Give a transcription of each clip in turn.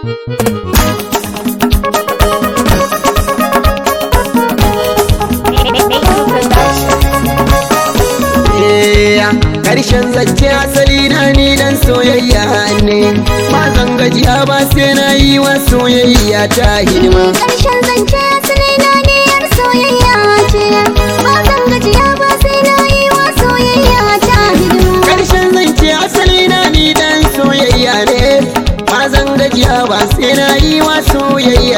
Eh, karshen zance asali na ni dan soyayya ne Ba zan gajiya ba sai na yi wa soyayya ta hidima Karshen zance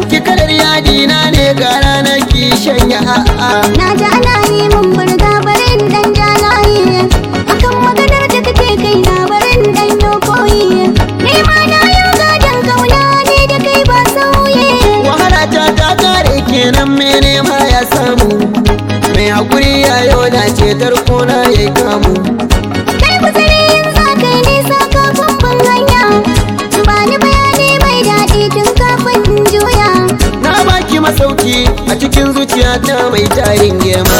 ki kalar yadi na ne ga ranar ki shanya a'a na ji ana yi mun burga barin dan jalayi akan maganar da kake kai na barin dan yo koyi ni ma na yi gadon kauna ne da kai ba sauye wahala ta ta kare kenan mene ma ya samu mai hakuri ya yau na cetar kona ya kamu a cikin zuciyata mai tarin girma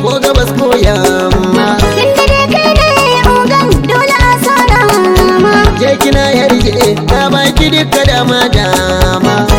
ko gabas ko yamma. Tun da dai kai da ugan dole a sa Je kina yarje, ta baki duka dama dama.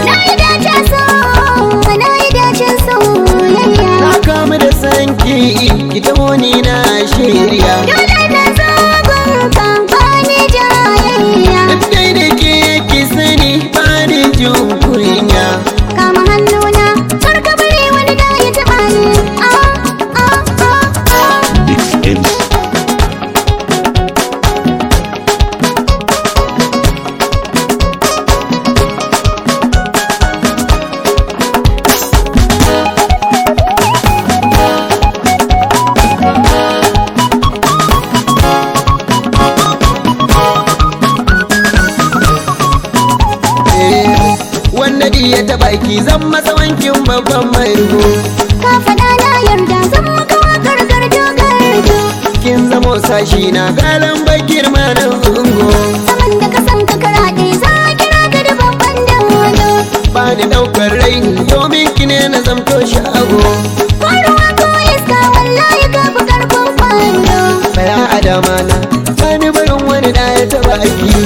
iya ta baki zan masa wankin babban mai ruwa. ka faɗa da yarda zan maka wakar garjo garjo kin zamo sashi na galan bakir ma nan zungo saman da ka san ka karaɗe za a kira ka da babban dangodo ba ni ɗaukar raini domin ki ne na zamto shago faruwa ko iska wallahi ka fi kwando Bara a damana ba ni barin wani ya ta baki